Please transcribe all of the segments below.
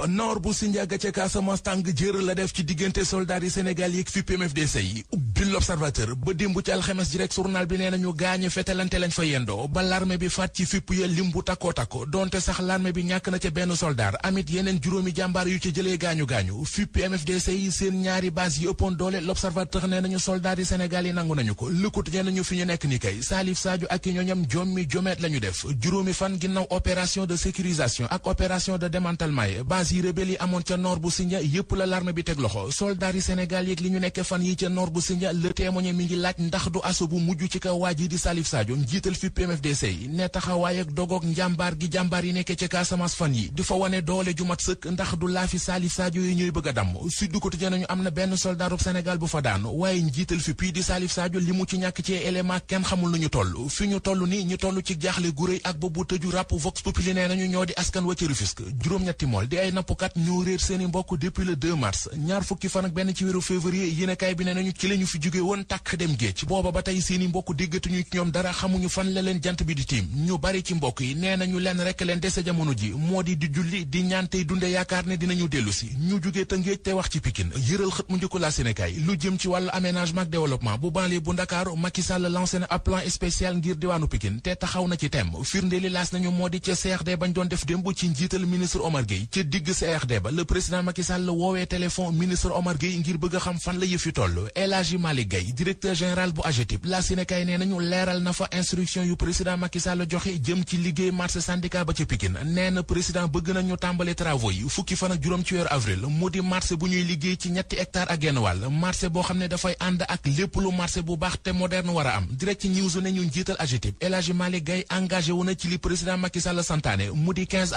jàpp noor bu Sindiaga ca Casamance tàng jër la def ci diggante soldat yi Sénégal yi ak fi PMFDC yi ubbi l'observateur ba démb ci alxames ji rek journal bi nee nañu gaañu fetelante lañ fa yendoo ba l'armée bi faat ci fipp ya lim bu takko donte sax l'armée bi ñàkk na ca benn soldaar yi seen ñaari ñu nekk i ñooñam jommi jomeet la fan de sécurisation ak opération de démantèlement yi base yi rebelle yi amoon ca nord bu Sindia yépp le témoigné mi ngi laaj ndax du aso bu mujj ci kaw waa ji di Salif Sadio njiital fi PMFDC yi ne taxawaay ak dogoog njàmbaar gi jàmbaar yi nekkee ca Casamance fan yi di fa wane doole ju mat sëkk ndax du laa fi Salif Sadio yi ñuy bëgg a damm Sud Quotidien nañu am na benn soldaarub Sénégal bu fa daanu waaye njiital fi pii di Salif Sadio li mu ci ñàkk ci élément kenn xamul nu ñu toll fi ñu toll ni ñu toll ci jaaxle gu rëy ak boobu tëju ràpp Vox Populi nee nañu ñoo di wa ci Rufisque juróom-ñetti mool di ay nappkat ñoo réer seeni mbokk depuis le 2 ñaar fukki fan benn ci weeru février yéenekaay bi nee nañu ci lañu fi fi jóge woon tàkk dem géej booba ba tey seeni mbokk déggatuñu ci ñoom dara xamuñu fan la leen jant bi di tiim ñu bari ci mbokk yi nee nañu leen rek leen dese jamono ji moo di di julli di ñaan tey dunde yaakaar ne dinañu dellu si ñu jóge ta ngéej te wax ci Pikine yëral xët mu njëkk la Sénégal lu jëm ci wàllu aménagement ak développement bu banlieue bu Ndakaaru Macky Sall lancé na ab plan spécial ngir diwaanu Pikine te taxaw na ci tem firnde li laas nañu moo di ca CRD doon def démb ci njiital ministre Omar Gueye ca digg CRD ba le président Macky Sall woowee téléphone ministre Omar Gueye ngir bëgg xam fan la yëf yi toll Malick Gaye directeur général bu AGETIP la Sénégal nee nañu leeral na fa instruction yu président Macky joxe jëm ci liggéey marché syndicat ba ca Pikine nee na président bëgg na ñu tàmbali yi fukki fan juróom ci weeru avril mu di marché bu ñuy liggéey ci ñetti hectare ak genn boo xam ne dafay ànd ak lépp lu marché bu baax te moderne war a am direct news ne ñu njiital AGETIP El Hadji Malick Gaye ci li président Macky santaane mu di 15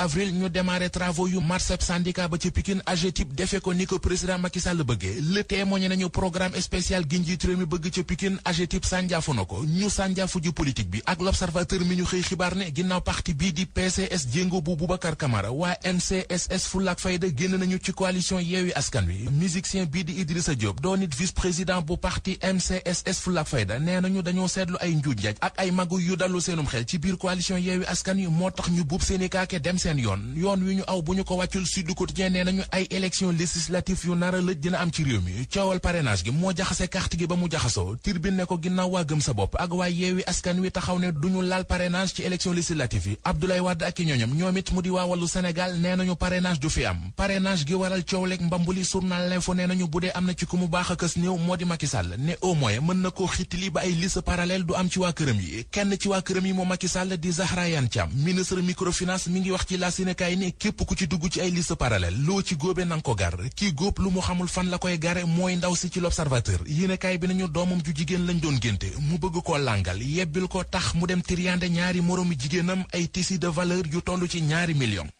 gi njiit réew mi bëgg ca Pikine AGETIP sànjaafu na ko ñu sànjaafu ji politique bi ak l'observateur mi ñu xëy xibaar ne ginnaaw parti bii di PCS jéngo bu Boubacar Camara waa MCSS Fulak Fayda génn nañu ci coalition Yewwi Askan Wi musicien bii di Idrissa Diop doon it vice président bu parti MCSS Fulak Fayda nee nañu dañoo seetlu ay njuuj njaaj ak ay magu yu dallu seenum xel ci biir coalition Yewwi Askan Wi moo tax ñu buub seeni kaake dem seen yoon a carte gi ba mu jaxasoo Tribune ne ko ginnaaw waa gëm sa bopp ak waa yeewi askan wi taxaw ne duñu laal parrainage ci élection législative yi Abdoulaye Wade ak i ñooñam ñoom it mu di waa wàllu Sénégal nee nañu parrainage du fi am parrainage gi waral coow leeg mbambuli journal l'info ne nañu bu dee am na ci ku mu baax a kës néew moo di Macky Sall ne au moins mën na koo xiitili ba ay liste parallèle du am ci waa këram yi kenn ci waa këram yi moo Macky Sall di Zahra Iyane Thiam mi ngi wax ci la Sénégal ne képp ku dugg ci ay loo ci góobe lu mu xamul fan la koy gare mooy ndaw si ci l'observateur yéenekaay bi nañu doomam ju jigéen lañ doon génte mu bëgg koo làngal yebbil ko tax mu dem triyande ñaari moroomi jigéenam ay tissus de valeur yu toll ci ñaari millions